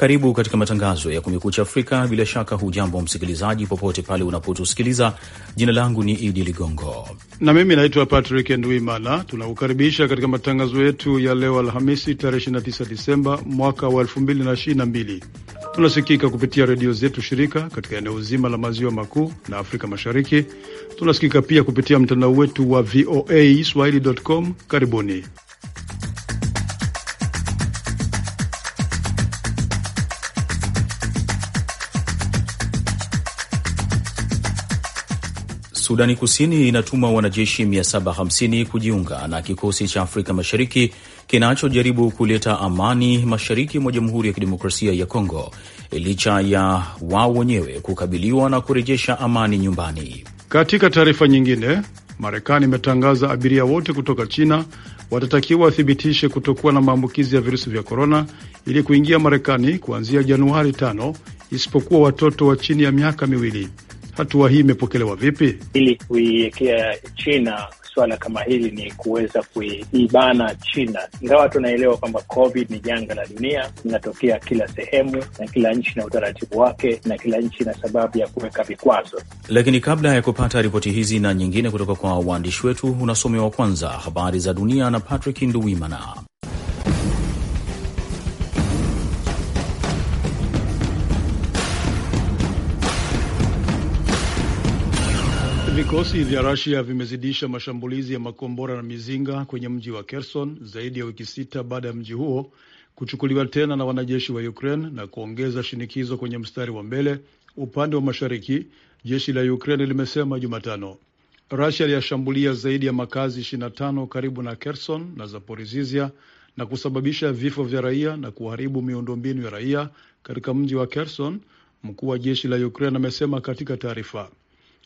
Karibu katika matangazo ya Kumekucha Afrika. Bila shaka, hujambo msikilizaji, popote pale unapotusikiliza. Jina langu ni Idi Ligongo na mimi naitwa Patrick nduimana Tunakukaribisha katika matangazo yetu ya leo Alhamisi, tarehe 29 Disemba mwaka wa 2022. Tunasikika kupitia redio zetu shirika katika eneo zima la maziwa makuu na Afrika Mashariki. Tunasikika pia kupitia mtandao wetu wa VOA swahili.com. Karibuni. Sudani Kusini inatuma wanajeshi 750 kujiunga na kikosi cha Afrika Mashariki kinachojaribu kuleta amani mashariki mwa Jamhuri ya Kidemokrasia ya Kongo licha ya wao wenyewe kukabiliwa na kurejesha amani nyumbani. Katika taarifa nyingine, Marekani imetangaza abiria wote kutoka China watatakiwa wathibitishe kutokuwa na maambukizi ya virusi vya korona ili kuingia Marekani kuanzia Januari 5 isipokuwa watoto wa chini ya miaka miwili hatua hii imepokelewa vipi? Ili kuiwekea China suala kama hili ni kuweza kuibana China, ingawa tunaelewa kwamba COVID ni janga la dunia, linatokea kila sehemu na kila nchi na utaratibu wake, na kila nchi na sababu ya kuweka vikwazo. Lakini kabla ya kupata ripoti hizi na nyingine kutoka kwa waandishi wetu, unasomewa kwanza habari za dunia na Patrick Nduwimana. Vikosi vya Rusia vimezidisha mashambulizi ya makombora na mizinga kwenye mji wa Kherson zaidi ya wiki sita baada ya mji huo kuchukuliwa tena na wanajeshi wa Ukraine na kuongeza shinikizo kwenye mstari wa mbele upande wa mashariki, jeshi la Ukraine limesema Jumatano. Rusia iliyashambulia zaidi ya makazi 25 karibu na Kherson na Zaporizhia na kusababisha vifo vya raia na kuharibu miundombinu ya raia katika mji wa Kherson, mkuu wa jeshi la Ukraine amesema katika taarifa.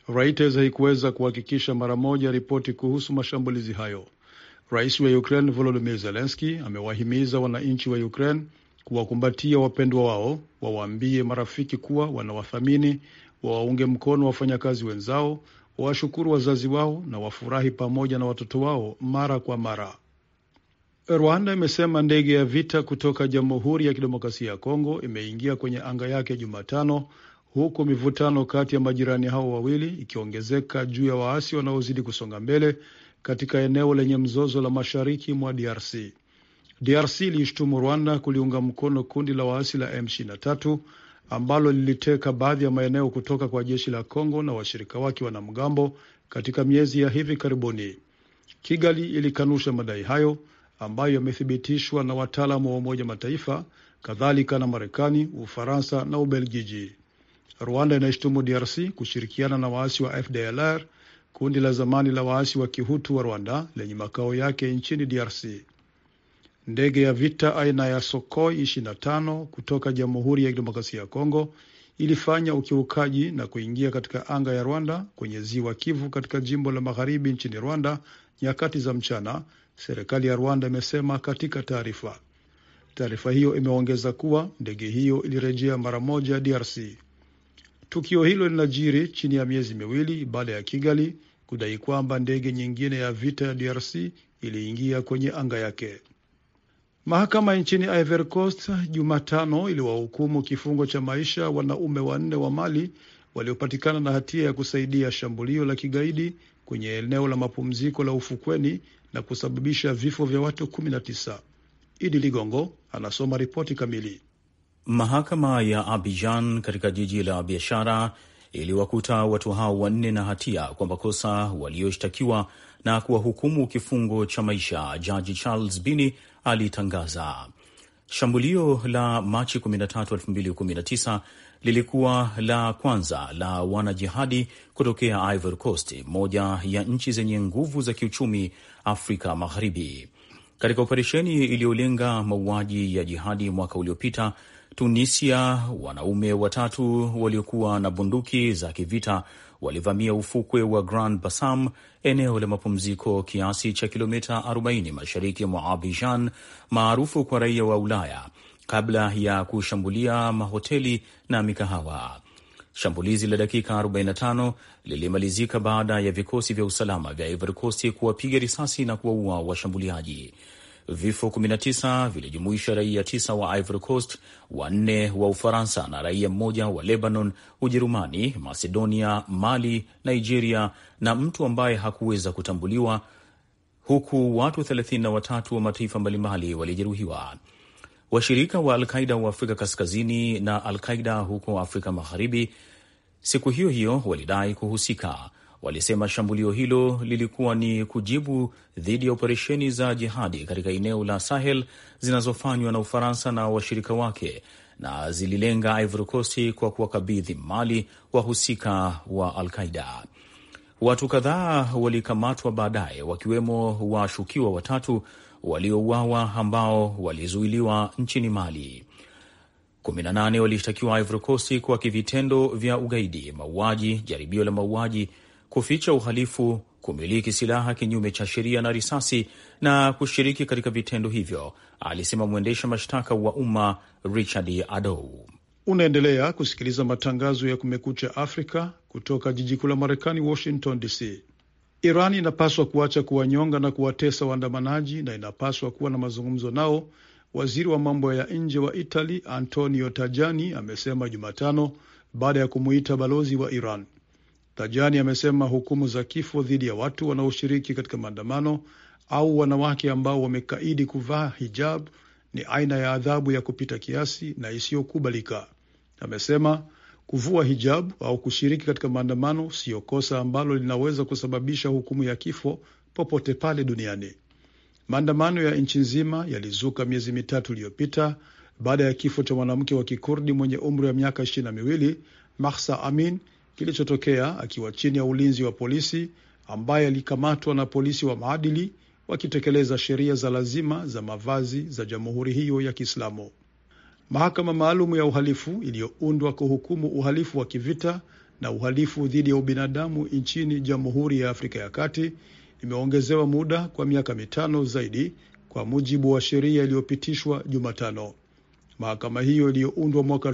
Reuters haikuweza kuhakikisha mara moja ripoti kuhusu mashambulizi hayo. Rais wa Ukraine Volodymyr Zelensky amewahimiza wananchi wa Ukraine kuwakumbatia wapendwa wao, wawaambie marafiki kuwa wanawathamini, wawaunge mkono wafanyakazi wenzao, wawashukuru wazazi wao na wafurahi pamoja na watoto wao mara kwa mara. Rwanda imesema ndege ya vita kutoka Jamhuri ya Kidemokrasia ya Kongo imeingia kwenye anga yake Jumatano huku mivutano kati ya majirani hao wawili ikiongezeka juu ya waasi wanaozidi kusonga mbele katika eneo lenye mzozo la mashariki mwa DRC. DRC ilishutumu Rwanda kuliunga mkono kundi la waasi la M23 ambalo liliteka baadhi ya maeneo kutoka kwa jeshi la Kongo na washirika wake wanamgambo katika miezi ya hivi karibuni. Kigali ilikanusha madai hayo ambayo yamethibitishwa na wataalamu wa Umoja Mataifa, kadhalika na Marekani, Ufaransa na Ubelgiji. Rwanda inaishtumu DRC kushirikiana na waasi wa FDLR, kundi la zamani la waasi wa kihutu wa Rwanda lenye makao yake nchini DRC. Ndege ya vita aina ya Sokoi 25 kutoka Jamhuri ya Kidemokrasia ya Kongo ilifanya ukiukaji na kuingia katika anga ya Rwanda kwenye ziwa Kivu katika jimbo la magharibi nchini Rwanda nyakati za mchana, serikali ya Rwanda imesema katika taarifa. Taarifa hiyo imeongeza kuwa ndege hiyo ilirejea mara moja DRC. Tukio hilo linajiri chini ya miezi miwili baada ya Kigali kudai kwamba ndege nyingine ya vita ya DRC iliingia kwenye anga yake. Mahakama nchini Ivory Coast Jumatano iliwahukumu kifungo cha maisha wanaume wanne wa Mali waliopatikana na hatia ya kusaidia shambulio la kigaidi kwenye eneo la mapumziko la ufukweni na kusababisha vifo vya watu 19. Idi Ligongo anasoma ripoti kamili. Mahakama ya Abidjan katika jiji la biashara iliwakuta watu hao wanne na hatia kwa makosa walioshtakiwa na kuwahukumu kifungo cha maisha. Jaji Charles Bini alitangaza shambulio la Machi 13, 2019 lilikuwa la kwanza la wanajihadi kutokea Ivory Coast, moja ya nchi zenye nguvu za kiuchumi Afrika Magharibi, katika operesheni iliyolenga mauaji ya jihadi mwaka uliopita. Tunisia, wanaume watatu waliokuwa na bunduki za kivita walivamia ufukwe wa Grand Bassam, eneo la mapumziko kiasi cha kilomita 40 mashariki mwa Abidjan, maarufu kwa raia wa Ulaya, kabla ya kushambulia mahoteli na mikahawa. Shambulizi la dakika 45 lilimalizika baada ya vikosi vya usalama vya Ivory Coast kuwapiga risasi na kuwaua washambuliaji. Vifo 19 vilijumuisha raia tisa wa Ivory Coast, wanne wa Ufaransa na raia mmoja wa Lebanon, Ujerumani, Macedonia, Mali, Nigeria na mtu ambaye hakuweza kutambuliwa, huku watu 33 wa mataifa mbalimbali walijeruhiwa. Washirika wa Alqaida wa Afrika Kaskazini na Alqaida huko Afrika Magharibi siku hiyo hiyo walidai kuhusika walisema shambulio hilo lilikuwa ni kujibu dhidi ya operesheni za jihadi katika eneo la Sahel zinazofanywa na Ufaransa na washirika wake na zililenga Ivory Coast kwa kuwakabidhi mali wahusika wa Alqaida. Watu kadhaa walikamatwa baadaye, wakiwemo washukiwa watatu waliouawa ambao walizuiliwa nchini Mali. 18 walishtakiwa Ivory Coast kwa kivitendo vya ugaidi, mauaji, jaribio la mauaji kuficha uhalifu, kumiliki silaha kinyume cha sheria na risasi na kushiriki katika vitendo hivyo, alisema mwendesha mashtaka wa umma Richard adou Unaendelea kusikiliza matangazo ya Kumekucha Afrika kutoka jiji kuu la Marekani, Washington DC. Iran inapaswa kuacha kuwanyonga na kuwatesa waandamanaji na inapaswa kuwa na mazungumzo nao, waziri wa mambo ya nje wa Itali Antonio Tajani amesema Jumatano baada ya kumuita balozi wa Iran. Tajani amesema hukumu za kifo dhidi ya watu wanaoshiriki katika maandamano au wanawake ambao wamekaidi kuvaa hijab ni aina ya adhabu ya kupita kiasi na isiyokubalika. Amesema kuvua hijab au kushiriki katika maandamano siyo kosa ambalo linaweza kusababisha hukumu ya kifo popote pale duniani. Maandamano ya nchi nzima yalizuka miezi mitatu iliyopita baada ya kifo cha mwanamke wa Kikurdi mwenye umri wa miaka ishirini na miwili Mahsa Amin kilichotokea akiwa chini ya ulinzi wa polisi ambaye alikamatwa na polisi wa maadili wakitekeleza sheria za lazima za mavazi za jamhuri hiyo ya Kiislamu. Mahakama maalum ya uhalifu iliyoundwa kuhukumu uhalifu wa kivita na uhalifu dhidi ya ubinadamu nchini Jamhuri ya Afrika ya Kati imeongezewa muda kwa miaka mitano zaidi kwa mujibu wa sheria iliyopitishwa Jumatano. Mahakama hiyo iliyoundwa mwaka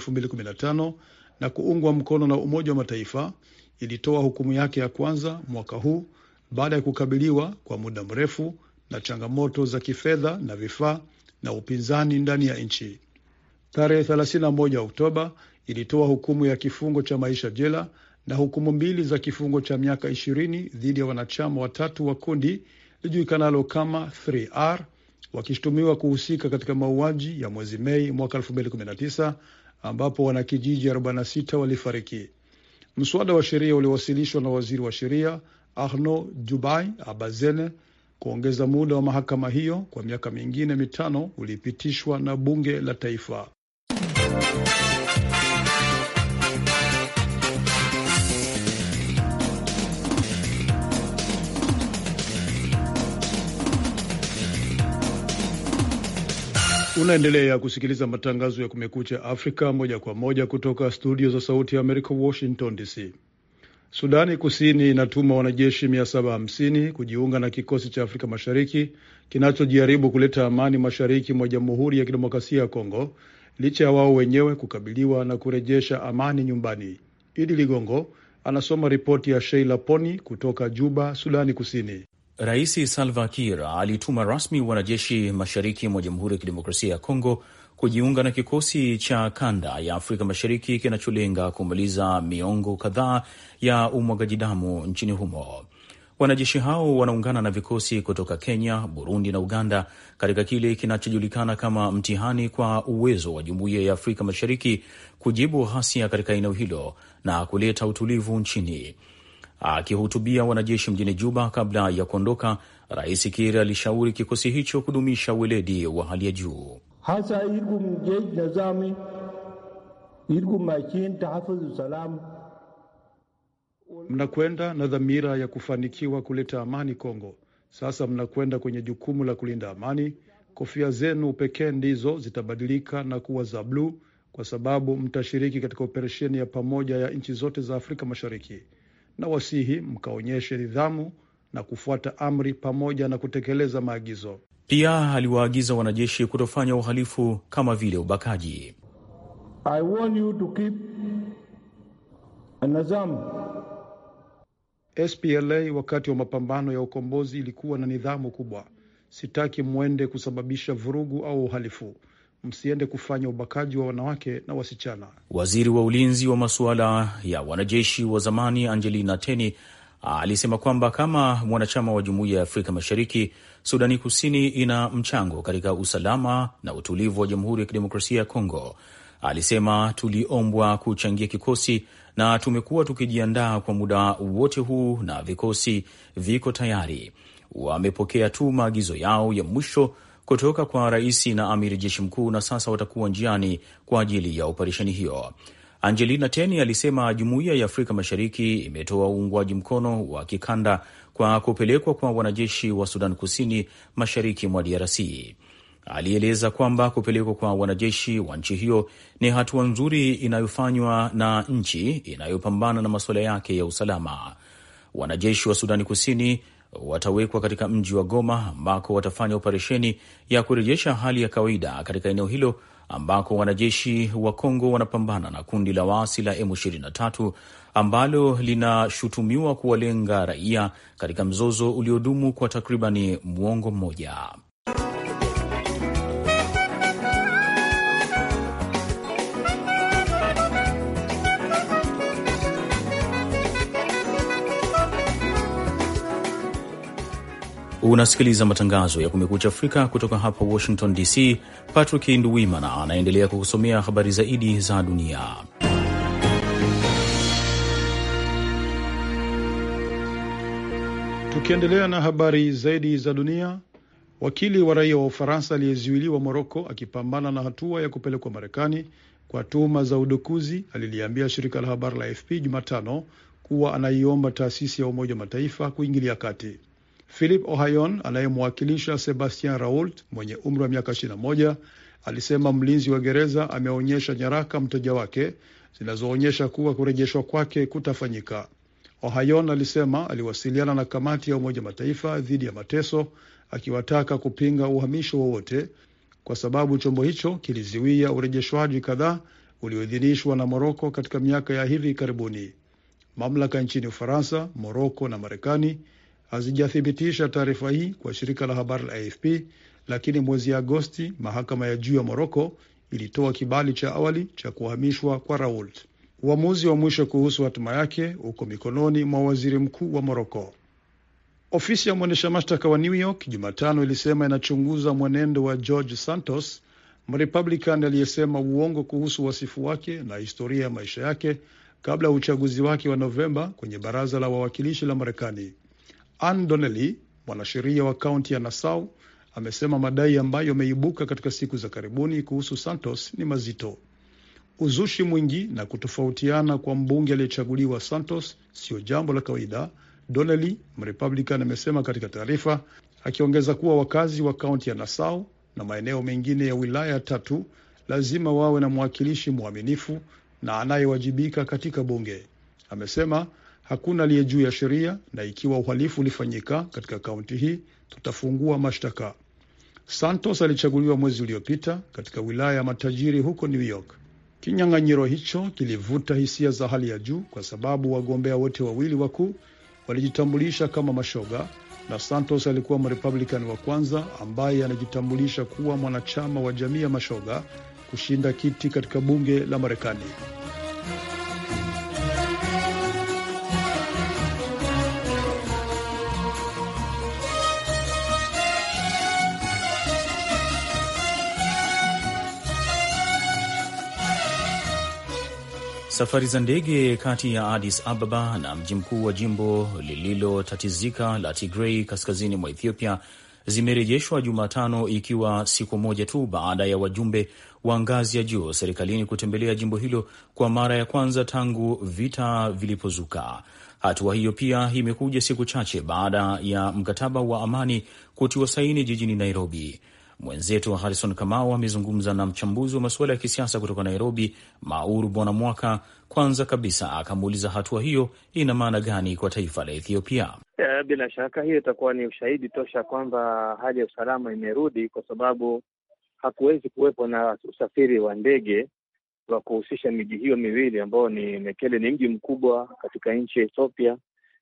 na kuungwa mkono na Umoja wa Mataifa ilitoa hukumu yake ya kwanza mwaka huu baada ya kukabiliwa kwa muda mrefu na changamoto za kifedha na vifaa na upinzani ndani ya nchi. Tarehe 31 Oktoba ilitoa hukumu ya kifungo cha maisha jela na hukumu mbili za kifungo cha miaka ishirini dhidi ya wanachama watatu wa kundi lijulikanalo kama 3R wakishutumiwa kuhusika katika mauaji ya mwezi Mei mwaka ambapo wanakijiji 46 walifariki. Mswada wa sheria uliowasilishwa na waziri wa sheria Arno Jubai Abazene kuongeza muda wa mahakama hiyo kwa miaka mingine mitano ulipitishwa na bunge la taifa. Unaendelea kusikiliza matangazo ya Kumekucha Afrika moja kwa moja kutoka studio za Sauti ya Amerika, Washington DC. Sudani Kusini inatuma wanajeshi 750 kujiunga na kikosi cha Afrika Mashariki kinachojaribu kuleta amani mashariki mwa Jamhuri ya Kidemokrasia ya Kongo licha ya wao wenyewe kukabiliwa na kurejesha amani nyumbani. Idi Ligongo anasoma ripoti ya Sheila Poni kutoka Juba, Sudani Kusini. Rais Salva Kiir alituma rasmi wanajeshi mashariki mwa Jamhuri ya Kidemokrasia ya Kongo kujiunga na kikosi cha kanda ya Afrika Mashariki kinacholenga kumaliza miongo kadhaa ya umwagaji damu nchini humo. Wanajeshi hao wanaungana na vikosi kutoka Kenya, Burundi na Uganda katika kile kinachojulikana kama mtihani kwa uwezo wa Jumuiya ya Afrika Mashariki kujibu ghasia katika eneo hilo na kuleta utulivu nchini. Akihutubia wanajeshi mjini Juba kabla ya kuondoka, Rais Kiir alishauri kikosi hicho kudumisha weledi wa hali ya juu. hasa irgu jej nazami irgu machin tahafidhu salam Mnakwenda na dhamira ya kufanikiwa kuleta amani Kongo. Sasa mnakwenda kwenye jukumu la kulinda amani. Kofia zenu pekee ndizo zitabadilika na kuwa za bluu, kwa sababu mtashiriki katika operesheni ya pamoja ya nchi zote za Afrika Mashariki na wasihi mkaonyeshe nidhamu na kufuata amri pamoja na kutekeleza maagizo. Pia aliwaagiza wanajeshi kutofanya uhalifu kama vile ubakaji. I you to keep SPLA wakati wa mapambano ya ukombozi ilikuwa na nidhamu kubwa. Sitaki mwende kusababisha vurugu au uhalifu msiende kufanya ubakaji wa wanawake na wasichana. Waziri wa ulinzi wa masuala ya wanajeshi wa zamani Angelina Teny alisema kwamba kama mwanachama wa jumuiya ya Afrika Mashariki, Sudani Kusini ina mchango katika usalama na utulivu wa Jamhuri ya Kidemokrasia ya Kongo. Alisema tuliombwa kuchangia kikosi na tumekuwa tukijiandaa kwa muda wote huu, na vikosi viko tayari, wamepokea tu maagizo yao ya mwisho kutoka kwa rais na amiri jeshi mkuu, na sasa watakuwa njiani kwa ajili ya operesheni hiyo. Angelina Teny alisema jumuiya ya Afrika Mashariki imetoa uungwaji mkono wa kikanda kwa kupelekwa kwa wanajeshi wa Sudan Kusini mashariki mwa DRC. Alieleza kwamba kupelekwa kwa wanajeshi wa nchi hiyo ni hatua nzuri inayofanywa na nchi inayopambana na masuala yake ya usalama. Wanajeshi wa Sudani Kusini watawekwa katika mji wa Goma ambako watafanya operesheni ya kurejesha hali ya kawaida katika eneo hilo ambako wanajeshi wa Kongo wanapambana na kundi la waasi la M23 ambalo linashutumiwa kuwalenga raia katika mzozo uliodumu kwa takribani mwongo mmoja. Unasikiliza matangazo ya Kumekucha Afrika kutoka hapa Washington DC. Patrick Nduwimana anaendelea kukusomea habari zaidi za dunia. Tukiendelea na habari zaidi za dunia, wakili wa raia wa Ufaransa aliyezuiliwa Moroko akipambana na hatua ya kupelekwa Marekani kwa tuhuma za udukuzi aliliambia shirika la habari la AFP Jumatano kuwa anaiomba taasisi ya Umoja wa Mataifa kuingilia kati. Philip Ohayon anayemwakilisha Sebastian Raoult mwenye umri wa miaka 21 alisema mlinzi wa gereza ameonyesha nyaraka mteja wake zinazoonyesha kuwa kurejeshwa kwake kutafanyika. Ohayon alisema aliwasiliana na kamati ya Umoja Mataifa dhidi ya mateso akiwataka kupinga uhamisho wowote kwa sababu chombo hicho kiliziwia urejeshwaji kadhaa ulioidhinishwa na Moroko katika miaka ya hivi karibuni. Mamlaka nchini Ufaransa, Moroko na Marekani hazijathibitisha taarifa hii kwa shirika la habari la AFP, lakini mwezi Agosti mahakama ya juu ya Moroko ilitoa kibali cha awali cha kuhamishwa kwa Raoult. Uamuzi wa mwisho kuhusu hatima yake uko mikononi mwa waziri mkuu wa Moroko. Ofisi ya mwendesha mashtaka wa New York Jumatano ilisema inachunguza mwenendo wa George Santos, Mrepublican aliyesema uongo kuhusu wasifu wake na historia ya maisha yake kabla ya uchaguzi wake wa Novemba kwenye baraza la wawakilishi la Marekani. Ann Donnelly, mwanasheria wa kaunti ya Nassau, amesema madai ambayo yameibuka katika siku za karibuni kuhusu Santos ni mazito. Uzushi mwingi na kutofautiana kwa mbunge aliyechaguliwa Santos siyo jambo la kawaida, Donnelly Mrepublican amesema katika taarifa, akiongeza kuwa wakazi wa kaunti ya Nassau na maeneo mengine ya wilaya tatu lazima wawe na mwakilishi mwaminifu na anayewajibika katika bunge. Amesema Hakuna aliye juu ya sheria, na ikiwa uhalifu ulifanyika katika kaunti hii, tutafungua mashtaka. Santos alichaguliwa mwezi uliopita katika wilaya ya matajiri huko New York. Kinyang'anyiro hicho kilivuta hisia za hali ya juu kwa sababu wagombea wote wawili wakuu walijitambulisha kama mashoga, na Santos alikuwa mrepublikani wa kwanza ambaye anajitambulisha kuwa mwanachama wa jamii ya mashoga kushinda kiti katika bunge la Marekani. Safari za ndege kati ya Addis Ababa na mji mkuu wa jimbo lililotatizika la Tigrei kaskazini mwa Ethiopia zimerejeshwa Jumatano, ikiwa siku moja tu baada ya wajumbe wa ngazi ya juu serikalini kutembelea jimbo hilo kwa mara ya kwanza tangu vita vilipozuka. Hatua hiyo pia imekuja siku chache baada ya mkataba wa amani kutiwa saini jijini Nairobi. Mwenzetu Harison Kamau amezungumza na mchambuzi wa masuala ya kisiasa kutoka Nairobi, Mauru Bwana Mwaka. Kwanza kabisa akamuuliza hatua hiyo ina maana gani kwa taifa la Ethiopia? Yeah, bila shaka hiyo itakuwa ni ushahidi tosha kwamba hali ya usalama imerudi, kwa sababu hakuwezi kuwepo na usafiri wa ndege wa kuhusisha miji hiyo miwili ambayo ni Mekele, ni mji mkubwa katika nchi ya Ethiopia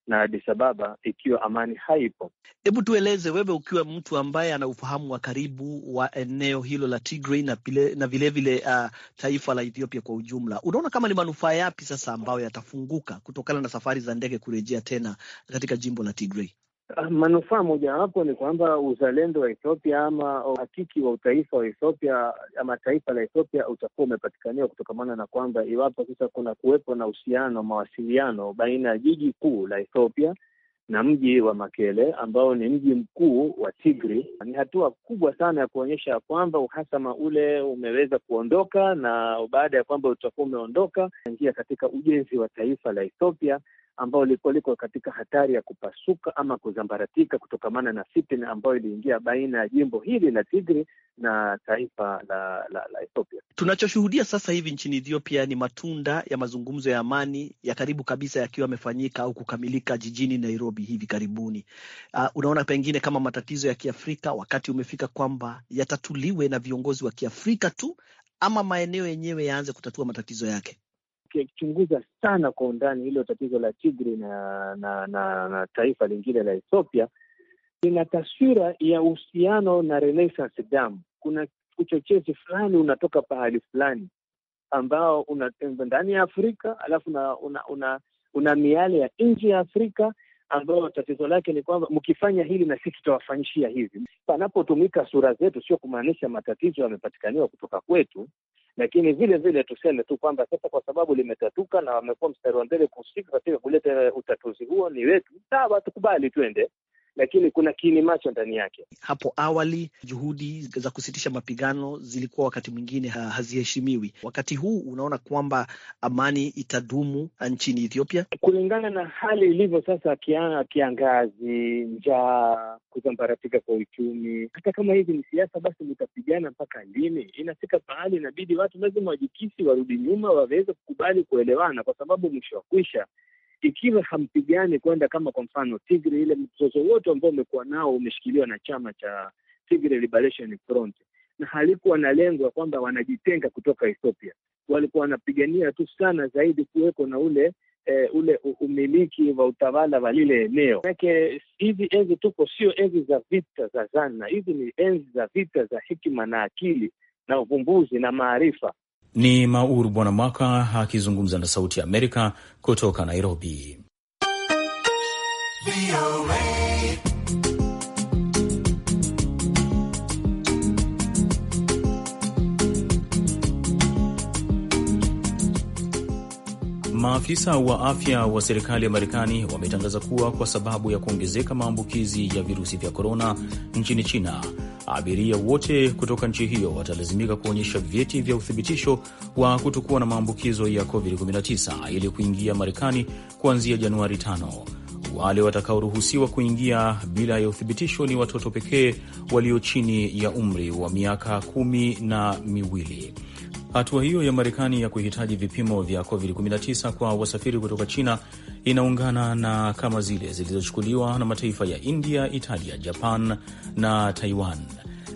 na Addis Ababa ikiwa amani haipo. Hebu tueleze wewe, ukiwa mtu ambaye ana ufahamu wa karibu wa eneo hilo la Tigray na vilevile vile, uh, taifa la Ethiopia kwa ujumla, unaona kama ni manufaa yapi sasa ambayo yatafunguka kutokana na safari za ndege kurejea tena katika jimbo la Tigray? Ah, manufaa mojawapo ni kwamba uzalendo wa Ethiopia ama uhakiki wa utaifa wa Ethiopia ama taifa la Ethiopia utakuwa umepatikaniwa kutokamana na kwamba iwapo sasa kuna kuwepo na uhusiano, mawasiliano baina ya jiji kuu la Ethiopia na mji wa Makele ambao ni mji mkuu wa Tigri. Ni hatua kubwa sana ya kuonyesha kwamba uhasama ule umeweza kuondoka, na baada ya kwamba utakuwa umeondoka, ingia katika ujenzi wa taifa la Ethiopia ambao lilikuwa liko katika hatari ya kupasuka ama kuzambaratika kutokamana na fitina ambayo iliingia baina ya jimbo hili la Tigri na taifa la, la, la Ethiopia. Tunachoshuhudia sasa hivi nchini Ethiopia ni matunda ya mazungumzo ya amani ya karibu kabisa yakiwa yamefanyika au kukamilika jijini Nairobi hivi karibuni. Uh, unaona pengine kama matatizo ya Kiafrika wakati umefika kwamba yatatuliwe na viongozi wa Kiafrika tu ama maeneo yenyewe yaanze kutatua matatizo yake akichunguza sana kwa undani hilo tatizo la Tigri na na, na na taifa lingine la Ethiopia, lina taswira ya uhusiano na Renaissance damu. Kuna uchochezi fulani unatoka pahali fulani ambao unatembea ndani ya Afrika alafu una, una, una, una miale ya nje ya Afrika ambayo tatizo lake ni kwamba mkifanya hili na sisi tutawafanyishia hivi. Panapotumika sura zetu, sio kumaanisha matatizo yamepatikaniwa kutoka kwetu, lakini vile vile tuseme tu kwamba sasa kwa sababu limetatuka na wamekuwa mstari wa mbele kuhusika katika kuleta utatuzi huo, ni wetu sawa, tukubali twende, lakini kuna kiini macho ndani yake. Hapo awali juhudi za kusitisha mapigano zilikuwa wakati mwingine ha haziheshimiwi. Wakati huu unaona kwamba amani itadumu nchini Ethiopia kulingana na hali ilivyo sasa, kia, kiangazi, njaa, kuzambaratika kwa uchumi. Hata kama hizi ni siasa, basi mtapigana mpaka lini? Inafika pahali inabidi watu lazima wajikisi, warudi nyuma, waweze kukubali kuelewana, kwa sababu mwisho wa kwisha ikiwa hampigani kwenda kama kwa mfano Tigray, ile mzozo wote ambao umekuwa nao umeshikiliwa na chama cha Tigray Liberation Front, na halikuwa na lengo ya kwamba wanajitenga kutoka Ethiopia. Walikuwa wanapigania tu sana zaidi kuweko na ule eh, ule umiliki wa utawala wa lile eneo. Manake hizi enzi tuko sio enzi za vita za zana, hizi ni enzi za vita za hikima na akili na uvumbuzi na maarifa. Ni maur Bwana Mwaka akizungumza na Sauti ya Amerika kutoka Nairobi. Maafisa wa afya wa serikali ya Marekani wametangaza kuwa kwa sababu ya kuongezeka maambukizi ya virusi vya korona nchini China, abiria wote kutoka nchi hiyo watalazimika kuonyesha vyeti vya uthibitisho wa kutokuwa na maambukizo ya COVID-19 ili kuingia Marekani kuanzia Januari 5. Wale watakaoruhusiwa kuingia bila ya uthibitisho ni watoto pekee walio chini ya umri wa miaka kumi na miwili. Hatua hiyo ya Marekani ya kuhitaji vipimo vya COVID-19 kwa wasafiri kutoka China inaungana na kama zile zilizochukuliwa na mataifa ya India, Italia, Japan na Taiwan.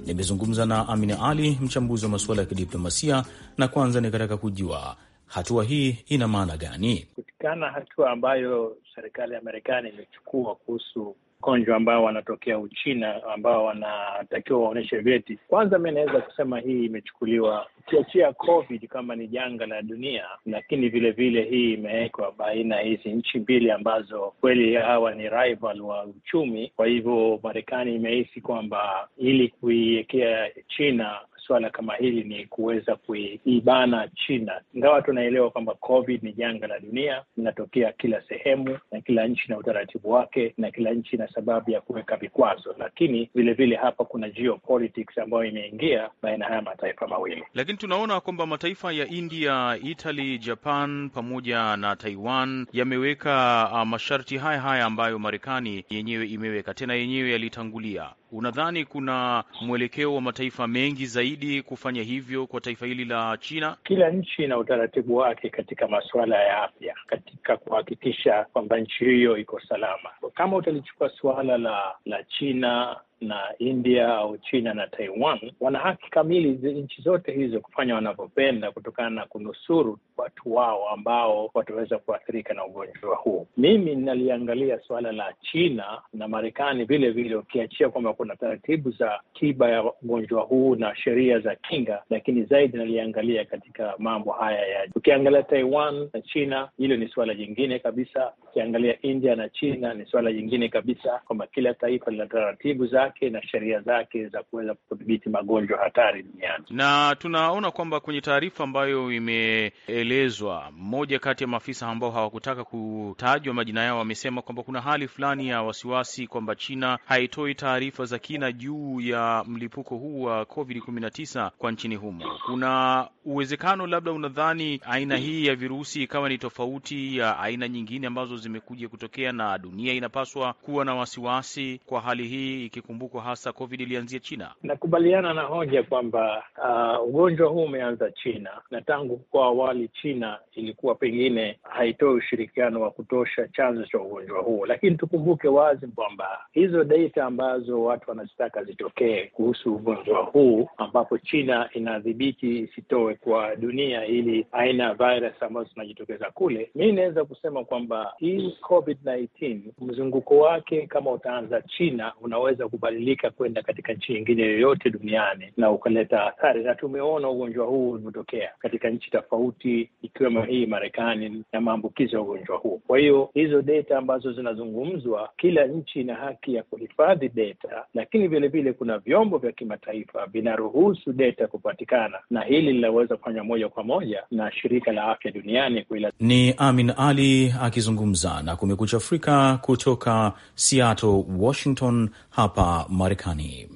Nimezungumza na amin Ali, mchambuzi wa masuala ya kidiplomasia, na kwanza nikataka kujua hatua hii ina maana gani? Kutikana hatua ambayo serikali ya Marekani imechukua kuhusu wagonjwa ambao wanatokea Uchina ambao wanatakiwa waonyeshe vyeti. Kwanza mi naweza kusema hii imechukuliwa ukiachia COVID kama ni janga la dunia, lakini vilevile hii imewekwa baina ya hizi nchi mbili ambazo kweli hawa ni rival wa uchumi. Kwa hivyo Marekani imehisi kwamba ili kuiwekea China suala kama hili ni kuweza kuibana China, ingawa tunaelewa kwamba COVID ni janga la dunia, linatokea kila sehemu na kila nchi na utaratibu wake, na kila nchi na sababu ya kuweka vikwazo, lakini vilevile vile hapa kuna geopolitics ambayo imeingia baina haya mataifa mawili. Lakini tunaona kwamba mataifa ya India, Italy, Japan pamoja na Taiwan yameweka ah, masharti haya haya ambayo Marekani yenyewe imeweka, tena yenyewe yalitangulia unadhani kuna mwelekeo wa mataifa mengi zaidi kufanya hivyo kwa taifa hili la China? Kila nchi ina utaratibu wake katika masuala ya afya, katika kuhakikisha kwamba nchi hiyo iko salama. Kama utalichukua suala la la China na India au China na Taiwan wana haki kamili nchi zote hizo kufanya wanavyopenda kutokana na kunusuru watu wao ambao wataweza kuathirika na ugonjwa huu. Mimi naliangalia suala la China na Marekani vile vile, ukiachia kwamba kuna taratibu za tiba ya ugonjwa huu na sheria za kinga, lakini zaidi naliangalia katika mambo haya ya ukiangalia Taiwan na China, hilo ni suala jingine kabisa. Ukiangalia India na China ni suala jingine kabisa, kwamba kila taifa lina taratibu zake zake na sheria zake za kuweza kudhibiti magonjwa hatari duniani. Na tunaona kwamba kwenye taarifa ambayo imeelezwa, mmoja kati ya maafisa ambao hawakutaka kutajwa majina yao wamesema kwamba kuna hali fulani ya wasiwasi kwamba China haitoi taarifa za kina juu ya mlipuko huu wa COVID 19 kwa nchini humo. Kuna uwezekano labda, unadhani aina hii ya virusi ikawa ni tofauti ya aina nyingine ambazo zimekuja kutokea na dunia inapaswa kuwa na wasiwasi kwa hali hii ikikumbuka mlipuko hasa COVID ilianzia China? Nakubaliana na hoja kwamba uh, ugonjwa huu umeanza China na tangu kwa awali China ilikuwa pengine haitoi ushirikiano wa kutosha chanzo cha ugonjwa huo, lakini tukumbuke wazi kwamba hizo data ambazo watu wanazitaka zitokee kuhusu ugonjwa huu ambapo China inadhibiti isitoe kwa dunia ili aina ya virus ambazo zinajitokeza kule, mi inaweza kusema kwamba hii COVID-19 mzunguko wake kama utaanza China unaweza kubali kubadilika kwenda katika nchi nyingine yoyote duniani na ukaleta athari, na tumeona ugonjwa huu ulivyotokea katika nchi tofauti ikiwemo hii Marekani na maambukizo ya ugonjwa huu. Kwa hiyo hizo data ambazo zinazungumzwa, kila nchi ina haki ya kuhifadhi data, lakini vilevile kuna vyombo vya kimataifa vinaruhusu data kupatikana, na hili linaweza kufanywa moja kwa moja na shirika la afya duniani kuila. Ni Amin Ali akizungumza na Kumekucha Afrika kutoka Seattle, Washington hapa Marekani.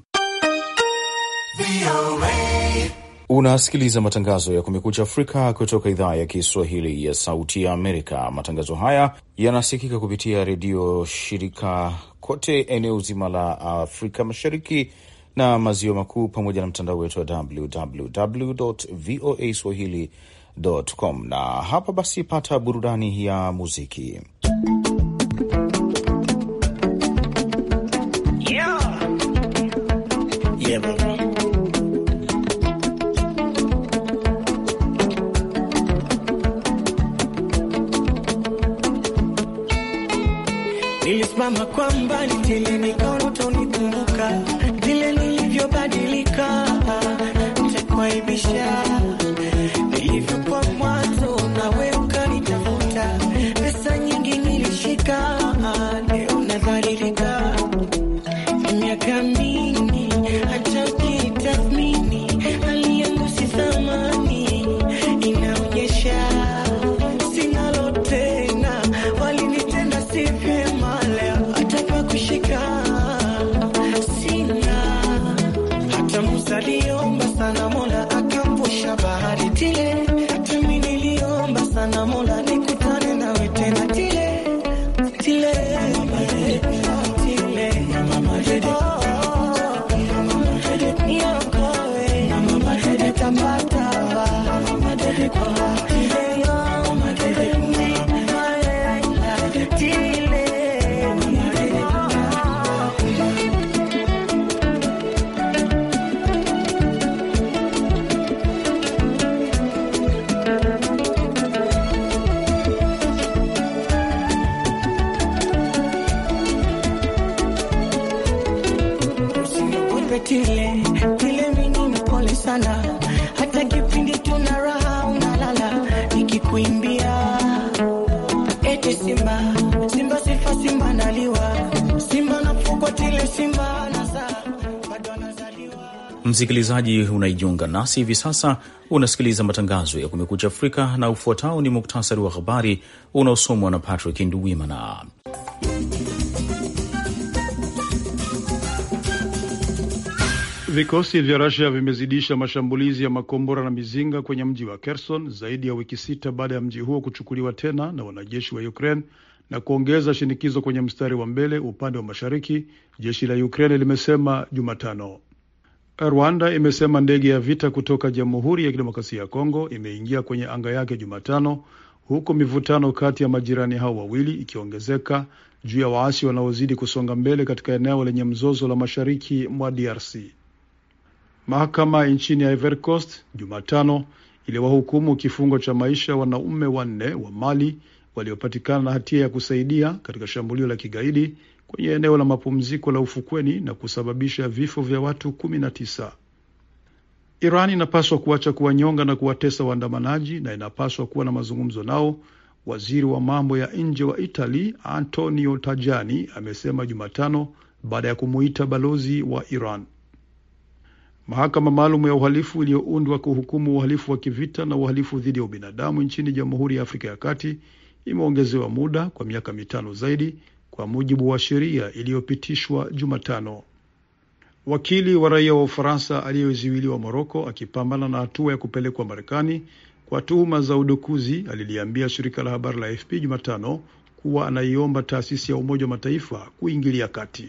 Unasikiliza matangazo ya Kumekucha Afrika kutoka idhaa ya Kiswahili ya Sauti ya Amerika. Matangazo haya yanasikika kupitia redio shirika kote eneo zima la Afrika Mashariki na Maziwa Makuu, pamoja na mtandao wetu wa www voa swahili com. Na hapa basi, pata burudani ya muziki kama kwamba nitilinika na mulani Msikilizaji unaijiunga nasi hivi sasa, unasikiliza matangazo ya Kumekucha Afrika na ufuatao ni muktasari wa habari unaosomwa na Patrick Nduwimana. Vikosi vya rusia vimezidisha mashambulizi ya makombora na mizinga kwenye mji wa Kherson zaidi ya wiki sita baada ya mji huo kuchukuliwa tena na wanajeshi wa Ukraine na kuongeza shinikizo kwenye mstari wa mbele upande wa mashariki, jeshi la Ukraine limesema Jumatano. Rwanda imesema ndege ya vita kutoka Jamhuri ya Kidemokrasia ya Kongo imeingia kwenye anga yake Jumatano, huku mivutano kati ya majirani hao wawili ikiongezeka juu ya waasi wanaozidi kusonga mbele katika eneo lenye mzozo la mashariki mwa DRC. Mahakama nchini Ivory Coast Jumatano iliwahukumu kifungo cha maisha wanaume wanne wa Mali waliopatikana na hatia ya kusaidia katika shambulio la kigaidi kwenye eneo la mapumziko la ufukweni na kusababisha vifo vya watu 19. Iran inapaswa kuacha kuwanyonga na kuwatesa waandamanaji na inapaswa kuwa na mazungumzo nao, waziri wa mambo ya nje wa Itali Antonio Tajani amesema Jumatano baada ya kumuita balozi wa Iran. Mahakama maalum ya uhalifu iliyoundwa kuhukumu uhalifu wa kivita na uhalifu dhidi ya ubinadamu nchini Jamhuri ya Afrika ya Kati imeongezewa muda kwa miaka mitano zaidi kwa mujibu wa sheria iliyopitishwa Jumatano. Wakili wa raia wa Ufaransa aliyezuiliwa Moroko akipambana na hatua ya kupelekwa Marekani kwa tuhuma za udukuzi aliliambia shirika la habari la AFP Jumatano kuwa anaiomba taasisi ya Umoja wa Mataifa kuingilia kati.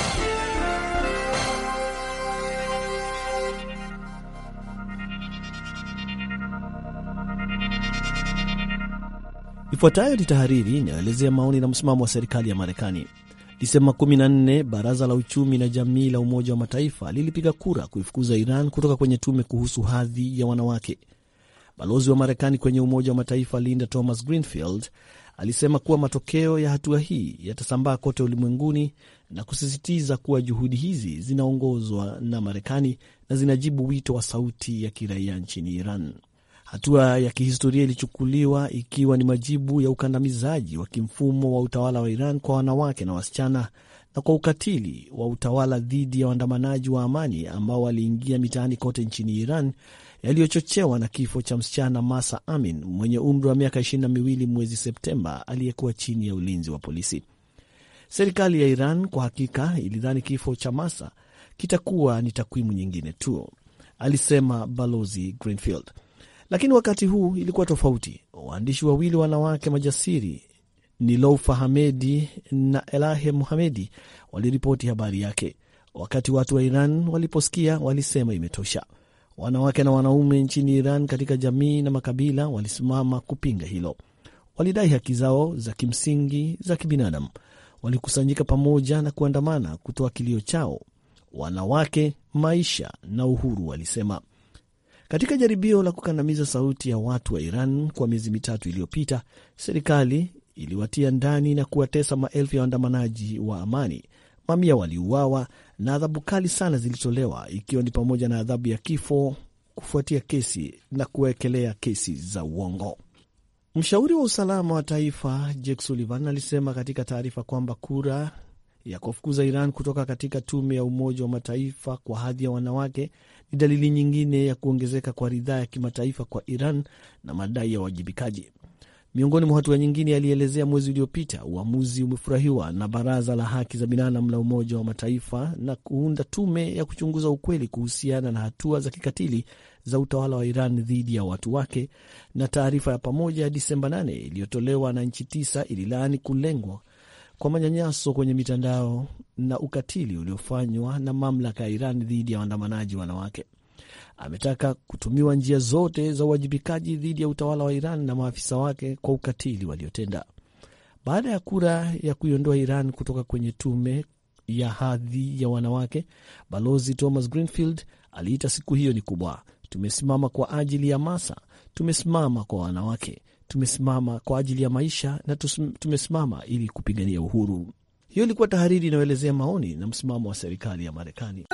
Ifuatayo ni tahariri inayoelezea maoni na msimamo wa serikali ya Marekani. Disemba 14 baraza la uchumi na jamii la Umoja wa Mataifa lilipiga kura kuifukuza Iran kutoka kwenye tume kuhusu hadhi ya wanawake. Balozi wa Marekani kwenye Umoja wa Mataifa Linda Thomas Greenfield alisema kuwa matokeo ya hatua hii yatasambaa kote ulimwenguni na kusisitiza kuwa juhudi hizi zinaongozwa na Marekani na zinajibu wito wa sauti ya kiraia nchini Iran. Hatua ya kihistoria ilichukuliwa ikiwa ni majibu ya ukandamizaji wa kimfumo wa utawala wa Iran kwa wanawake na wasichana na kwa ukatili wa utawala dhidi ya waandamanaji wa amani ambao waliingia mitaani kote nchini Iran, yaliyochochewa na kifo cha msichana Masa Amin mwenye umri wa miaka ishirini na miwili mwezi Septemba, aliyekuwa chini ya ulinzi wa polisi. Serikali ya Iran kwa hakika ilidhani kifo cha Masa kitakuwa ni takwimu nyingine tu, alisema Balozi Greenfield. Lakini wakati huu ilikuwa tofauti. Waandishi wawili wanawake majasiri Niloufa Hamedi na Elahe Muhamedi waliripoti habari yake. Wakati watu wa Iran waliposikia, walisema imetosha. Wanawake na wanaume nchini Iran katika jamii na makabila walisimama kupinga hilo. Walidai haki zao za kimsingi za kibinadamu. Walikusanyika pamoja na kuandamana kutoa kilio chao, wanawake, maisha na uhuru, walisema. Katika jaribio la kukandamiza sauti ya watu wa Iran kwa miezi mitatu iliyopita, serikali iliwatia ndani na kuwatesa maelfu ya waandamanaji wa amani. Mamia waliuawa na adhabu kali sana zilitolewa, ikiwa ni pamoja na adhabu ya kifo kufuatia kesi na kuwekelea kesi za uongo. Mshauri wa usalama wa taifa Jake Sullivan alisema katika taarifa kwamba kura ya kuwafukuza Iran kutoka katika tume ya Umoja wa Mataifa kwa hadhi ya wanawake ni dalili nyingine ya kuongezeka kwa ridhaa ya kimataifa kwa Iran na madai ya uwajibikaji. Miongoni mwa hatua nyingine alielezea mwezi uliopita, uamuzi umefurahiwa na Baraza la Haki za Binadamu la Umoja wa Mataifa na kuunda tume ya kuchunguza ukweli kuhusiana na hatua za kikatili za utawala wa Iran dhidi ya watu wake. Na taarifa ya pamoja ya Disemba 8 iliyotolewa na nchi tisa ililaani kulengwa kwa manyanyaso kwenye mitandao na ukatili uliofanywa na mamlaka ya Iran dhidi ya waandamanaji wanawake. Ametaka kutumiwa njia zote za uwajibikaji dhidi ya utawala wa Iran na maafisa wake kwa ukatili waliotenda. Baada ya kura ya kuiondoa Iran kutoka kwenye tume ya hadhi ya wanawake, Balozi Thomas Greenfield aliita siku hiyo ni kubwa. Tumesimama kwa ajili ya Masa, tumesimama kwa wanawake, tumesimama kwa ajili ya maisha na tumesimama ili kupigania uhuru. Hiyo ilikuwa tahariri inayoelezea maoni na msimamo wa serikali ya Marekani.